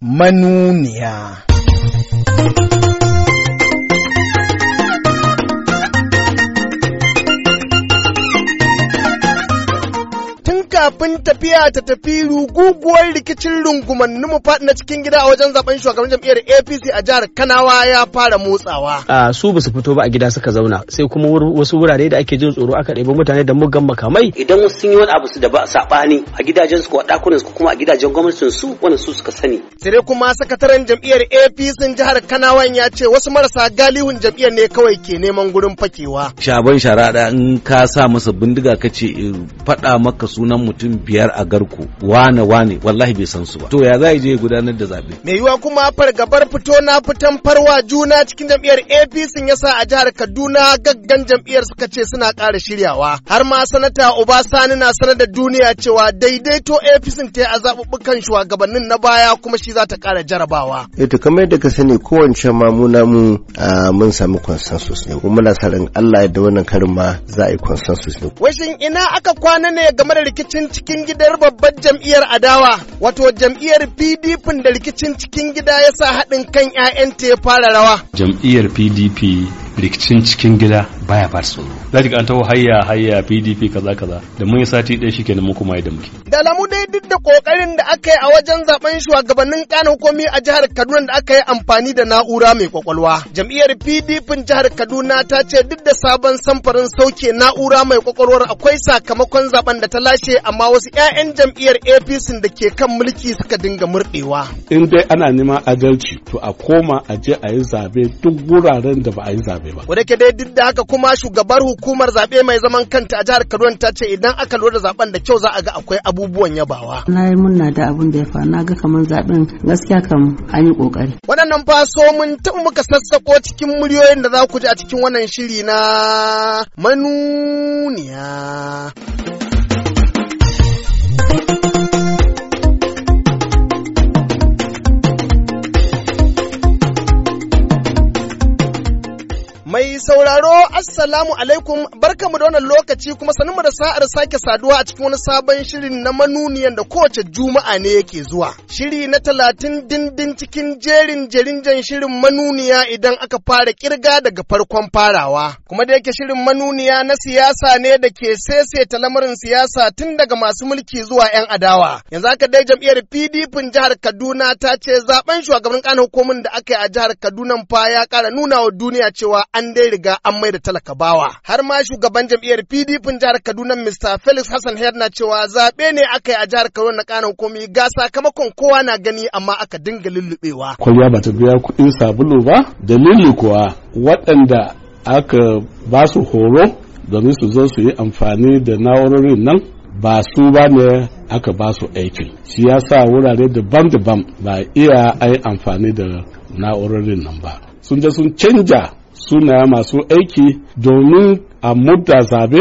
manuniya. kafin tafiya ta tafi ruguguwar rikicin rungumannu mu faɗi na cikin gida a wajen zaben shugaban jam'iyyar APC a jihar Kanawa ya fara motsawa. A su ba su fito ba a gida suka zauna sai kuma wasu wurare da ake jin tsoro aka ɗebi mutane da muggan makamai. Idan wasu sun yi wani abu su da ba saɓani a gidajen su ko a ɗakunan su kuma a gidajen gwamnatin su wani su suka sani. Sai kuma sakataren jam'iyyar APC jihar Kanawan ya ce wasu marasa galihun jam'iyyar ne kawai ke neman gurin fakewa. Shaban sharaɗa in ka sa masa bindiga ka ce eh, faɗa maka sunan mutum biyar a garko wane wane wallahi bai san su ba to ya za je gudanar da zabe me yiwa kuma fargabar fito na fitan farwa juna cikin jam'iyyar apc ya sa a jihar kaduna gaggan jam'iyyar suka ce suna ƙara shiryawa har ma sanata sani na sanar da duniya cewa daidaito apc ta a zabubbukan shugabannin na baya kuma shi za ta ƙara jarabawa. Eh to kamar yadda ka sani kowace ma mu ah, mun sami consensus ne kuma muna sa ran Allah da wannan karin ma za a yi consensus ne. wajen ina aka kwana ne game da rikicin rikicin cikin gidar babbar jam'iyyar adawa wato jam'iyyar pdp da rikicin cikin gida ya sa haɗin kan 'ya'yanta ya fara rawa jam'iyyar pdp rikicin cikin gida baya ba tsoro za an taho hayya hayya pdp kaza kaza da mun yi sati ɗaya shi kenan mun kuma yi da muke da alamu dai duk da ƙoƙarin da aka yi a wajen zaben shugabannin kanan komi a jihar kaduna da aka yi amfani da na'ura mai kwakwalwa jam'iyyar pdp jihar kaduna ta ce duk da sabon samfarin sauke na'ura mai kwakwalwar akwai sakamakon zaben da ta lashe amma wasu 'ya'yan jam'iyyar apc da ke kan mulki suka dinga murɗewa in dai ana neman adalci to a koma a je a yi zabe duk wuraren da ba a yi zabe zaɓe ba. Wadda ke dai duk da haka kuma shugabar hukumar zaɓe mai zaman kanta a jihar Kaduna ta ce idan aka lura da zaɓen da kyau za a ga akwai abubuwan yabawa. Na yi munna da abun da ya fa na ga kamar zaɓen gaskiya kam an yi ƙoƙari. Waɗannan fa so mun taɓa muka sassaƙo cikin muryoyin da za ku ji a cikin wannan shiri na manuniya. Mai sauraro Assalamu alaikum barkamu da wannan lokaci kuma sanin da sa'ar sake saduwa a cikin wani sabon shirin na manuniyan da kowace juma'a ne yake zuwa. Shiri na talatin dindin cikin jerin jerinjan shirin manuniya idan aka fara kirga daga farkon farawa. Kuma da yake shirin manuniya na siyasa ne da ke ta lamarin siyasa tun daga masu mulki zuwa 'yan adawa. Yanzu haka dai jam'iyyar PDP jihar Kaduna ta ce zaben shugaban kanin hukumin da aka yi a jihar Kaduna fa ya kara nuna wa duniya cewa an dai riga an mai da talaka bawa. Har ma shugaban jam'iyyar PDP jihar Kaduna Mr. Felix Hassan Her na cewa zaɓe ne aka yi a jihar Kaduna na ƙanan komi ga sakamakon kowa na gani amma aka dinga lullubewa. Kwalliya ba ta biya kuɗin sabulu ba dalili kuwa waɗanda aka ba su horo domin su zo su yi amfani da na'urorin nan ba su ba ne aka ba su aiki shi sa wurare daban-daban ba iya ai amfani da na'urorin nan ba sun je sun canja suna masu aiki domin a mudda zabe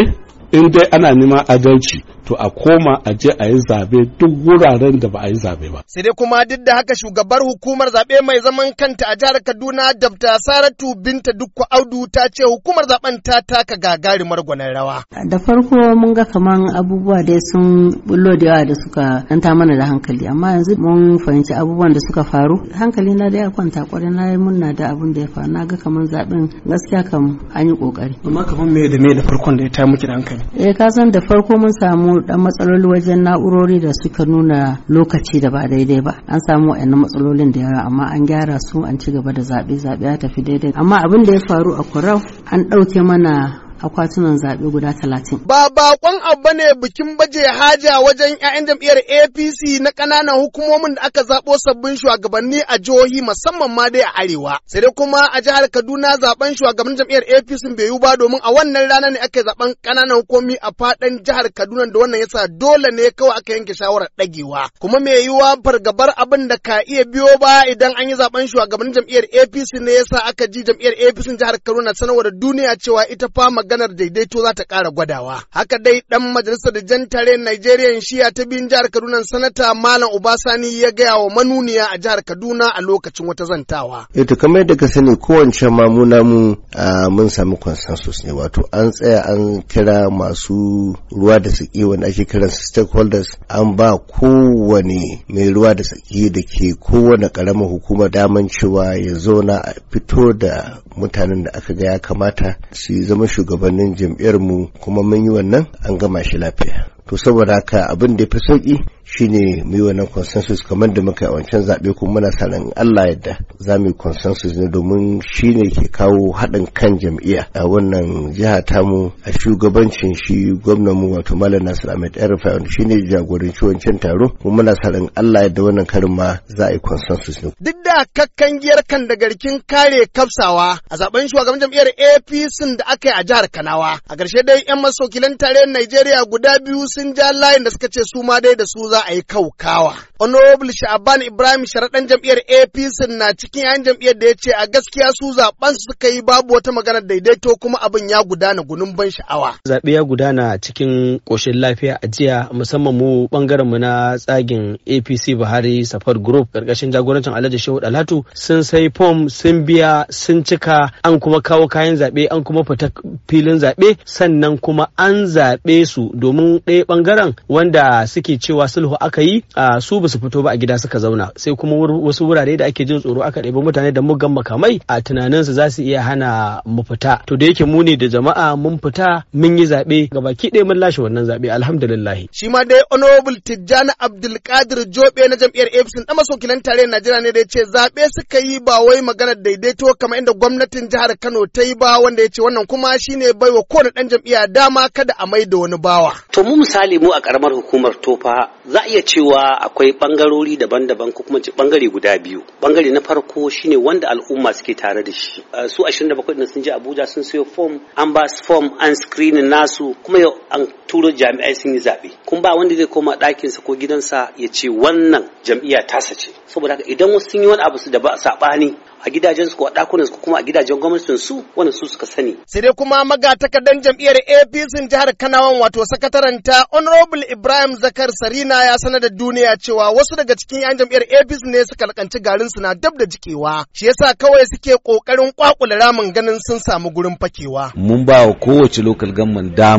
in dai ana neman adalci to a koma a je a yi zabe duk wuraren da ba a yi zabe ba. Sai dai kuma duk da haka shugabar hukumar zabe mai zaman kanta a jihar Kaduna Dabta Saratu Binta Dukku Audu ta ce hukumar zaben ta taka gagarumar gwanin rawa. Da farko mun ga kaman abubuwa dai sun bullo da yawa da suka danta mana da hankali amma yanzu mun fahimci abubuwan da suka faru hankali na dai a kwanta kwarai na yi munna da abun da ya faru na ga kaman zaben gaskiya kam an yi kokari. Amma kaman me da me da farkon da ya ta miki da hankali. Eh ka san da farko mun samu samu dan matsaloli wajen na'urori da suka nuna lokaci da ba daidai ba an samu wa'annan matsalolin da yawa amma an gyara su an ci gaba da zaɓe zaɓe ya tafi daidai amma abin da ya faru a kurau an ɗauke mana akwatunan zaɓe guda talatin. Ba bakon abu ne bikin baje haja wajen 'ya'yan jam'iyyar APC na ƙananan hukumomin da aka zaɓo sabbin shugabanni a jihohi musamman ma dai a arewa. Sai dai kuma a jihar Kaduna zaben shugaban jam'iyyar APC bai yi ba domin a wannan rana ne aka zaɓen ƙananan hukumomi a faɗin jihar Kaduna da wannan yasa dole ne kawai aka yanke shawarar ɗagewa. Kuma mai yiwuwa fargabar abin da ka iya biyo ba idan an yi zaben shugaban jam'iyyar APC ne yasa aka ji jam'iyyar APC jihar Kaduna sanarwa da duniya cewa ita fama maganar daidaito za ta ƙara gwadawa. Haka dai ɗan majalisar jan tare Najeriya shiya ta biyun jihar Kaduna sanata Malam Obasani ya gaya wa manuniya a jihar Kaduna a lokacin wata zantawa. Eh to kamar yadda ka sani kowace mamuna mu ah, mun sami consensus ne wato an tsaya an kira masu ruwa da tsaki wanda ake kiran stakeholders an ba kowane mai ruwa da tsaki da ke kowane karamar hukuma daman cewa ya zauna a fito da mutanen da aka ga ya kamata su zama shugaban shugabannin jam'iyyarmu kuma mun yi wannan an gama shi lafiya to saboda haka abin da fi sauƙi. shine mu yi wannan consensus kamar da muka yi a wancan zaɓe kuma muna sanin Allah yadda za mu yi consensus ne domin shine ke kawo haɗin kan jam'iyya a wannan jiha tamu a shugabancin shi gwamnan mu wato Malam Nasir Ahmed Erfa wanda shine jagoranci wancan taro kuma muna sanin Allah yadda wannan karin ma za a yi consensus ne. Duk da kakkan giyar kan da garkin kare kafsawa a zaben shugaban jam'iyyar APC da aka yi a jihar Kanawa a ƙarshe dai 'yan masokilan tarayyar Najeriya guda biyu sun ja layin da suka ce su ma dai da su za za a yi kaukawa. Honorable sha'ban Ibrahim sharaɗan jam'iyyar APC na cikin 'yan jam'iyyar da ya ce a gaskiya su zaɓen su suka yi babu wata magana daidaito kuma abin ya gudana gunun ban sha'awa. Zaɓe ya gudana cikin ƙoshin lafiya a jiya musamman mu ɓangaren mu na tsagin APC Buhari Safar Group ƙarƙashin jagorancin Alhaji Shehu Dalatu sun sai fom sun biya sun cika an kuma kawo kayan zaɓe an kuma fita filin zaɓe sannan kuma an zaɓe su domin ɗaya ɓangaren wanda suke cewa sulhu sulhu aka yi a su basu fito ba a gida suka zauna sai kuma wasu wurare da ake jin tsoro aka ɗebi mutane da muggan makamai a tunaninsu za su iya hana mu fita to da yake mu ne da jama'a mun fita mun yi zaɓe gabaki ɗaya mun lashe wannan zaɓe alhamdulillah shi ma dai honorable tijjani abdulkadir jobe na jam'iyyar apc da tare tarayyar najeriya ne da ya ce zaɓe suka yi ba wai magana daidaito kamar inda gwamnatin jihar kano ta yi ba wanda ya ce wannan kuma shine baiwa kowane ɗan jam'iyya dama kada a mai da wani bawa to mu misali mu a ƙaramar hukumar tofa za a iya cewa akwai bangarori daban-daban ko kuma bangare guda biyu bangare na farko shine wanda al'umma suke tare da shi ah, su 27 na sun je Abuja sun sayo form an ba su form an screening nasu kuma yau an turo jami'ai sun yi zaɓe, kuma ba wanda zai koma ɗakinsa ko gidansa ya ce wannan jam'iyya ta sace, saboda haka idan wasu sun yi wani abu su da ba sabani a su ko a ɗakunansu ko kuma a gidajen gwamnatin su wannan su suka sani. Sai dai kuma magatakardan jam'iyyar APC jihar Kanawan wato sakataren ta Honorable Ibrahim Zakar Sarina ya sanar da duniya cewa wasu daga cikin 'yan jam'iyyar APC ne suka lakanci garin su na dab da jikewa. Shi yasa kawai suke kokarin kwakula ramin ganin sun samu gurin fakewa. Mun ba wa kowace local government ta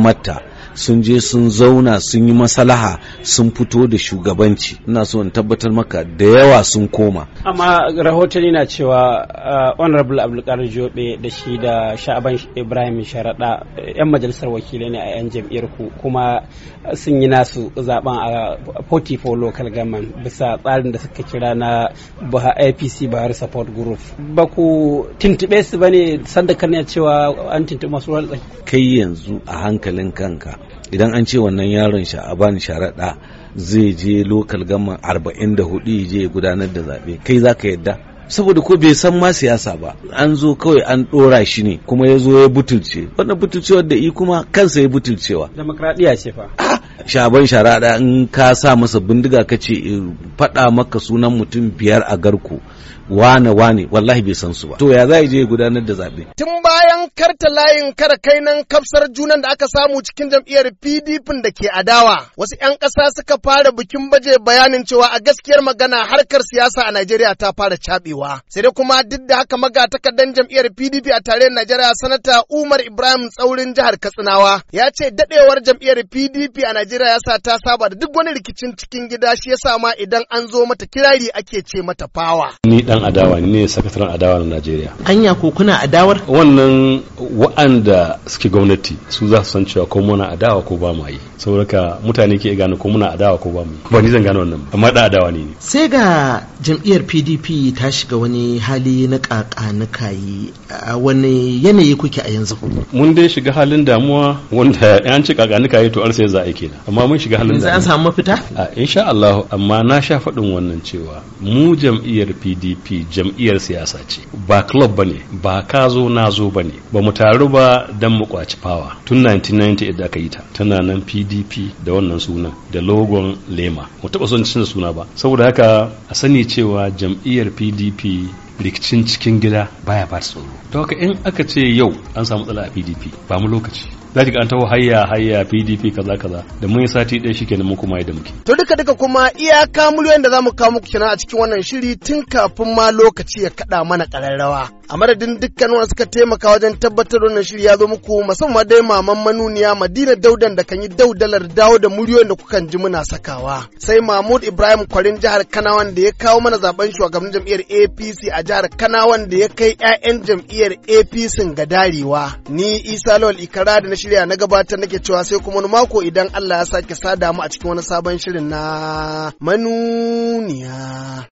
sun je sun zauna sun yi masalaha sun fito da shugabanci ina so in tabbatar maka da yawa sun koma amma rahotanni na cewa uh, honorable abdulkar jobe da shi da sha'aban ibrahim sharaɗa uh, 'yan majalisar wakilai ne a 'yan jam'iyyar ku kuma sun yi nasu zaben a 44 local government bisa tsarin da suka kira na apc buhari support group ba ku tuntuɓe su ba ne sanda kan cewa an tuntuɓe masu kai yanzu a hankalin kanka idan an ce wannan yaron bani sharaɗa zai je lokal gama arba'in da 44 je gudanar da zaɓe kai za ka yadda saboda ko bai san ma siyasa ba an zo kawai an dora shi ne kuma ya zo ya butulce wannan butulcewar da i kuma kansa ya butulcewa demokradiya ce fa ah, shaban sharaɗa in ka sa masa bindiga ka ce eh, faɗa maka sunan mutum biyar a garku wane wane wallahi bai san su ba to ya za je gudanar da zaɓe. tun bayan karta layin kada kai nan kafsar junan da aka samu cikin jam'iyyar pdp da ke adawa wasu 'yan ƙasa suka fara bikin baje bayanin cewa a gaskiyar magana harkar siyasa a najeriya ta fara caɓewa arewa sai dai kuma duk da haka magatakardan jam'iyyar pdp a tarayyar najeriya sanata umar ibrahim tsaurin jihar katsinawa ya ce dadewar jam'iyyar pdp a najeriya ya sa ta saba da duk wani rikicin cikin gida shi yasa ma idan an zo mata kirari ake ce mata fawa ni dan adawa ne sakataren adawa na najeriya anya ko kuna adawar wannan wa'anda suke gwamnati su za su san cewa ko muna adawa ko ba mu yi saboda mutane ke gane ko muna adawa ko ba mu ba ni zan gane wannan amma da adawa ne sai ga jam'iyyar pdp ta shiga shiga wani hali na na yi a wani yanayi kuke a yanzu mun dai shiga halin damuwa wanda yan ci na yi to arsa za a kenan amma mun shiga halin damuwa an samu mafita a insha Allah amma na sha faɗin wannan cewa mu jam'iyyar PDP jam'iyyar siyasa ce ba club bane ba ka zo na zo bane ba mu taru ba dan mu kwaci fawa tun 1990 da aka yi ta tana nan PDP da wannan sunan da logon lema mu taɓa son cin suna ba saboda haka a sani cewa jam'iyyar PDP pdp rikicin cikin gida baya ba tsoro don haka in aka ce yau an samu tsala a pdp ba mu lokaci za ki an taho hayya hayya PDP kaza kaza da mun yi sati ɗaya shi kenan mun kuma da muke. To duka duka kuma iyaka miliyoyin da za mu kawo muku kenan a cikin wannan shiri tun kafin ma lokaci ya kaɗa mana ƙararrawa. A madadin dukkan wanda suka taimaka wajen tabbatar wannan shiri ya zo muku musamman dai maman manuniya Madina Daudan da kan yi daudalar dawo da miliyoyin da kukan ji muna sakawa. Sai Mahmud Ibrahim Kwarin jihar Kanawan da ya kawo mana zaben shugaban jam'iyyar APC a jihar Kana wanda ya kai 'ya'yan jam'iyyar APC ga darewa. Ni Isa Lawal Ikara da na shirya na gabatar nake cewa sai kuma mako idan Allah ya sake sada mu a cikin wani sabon shirin na manuniya.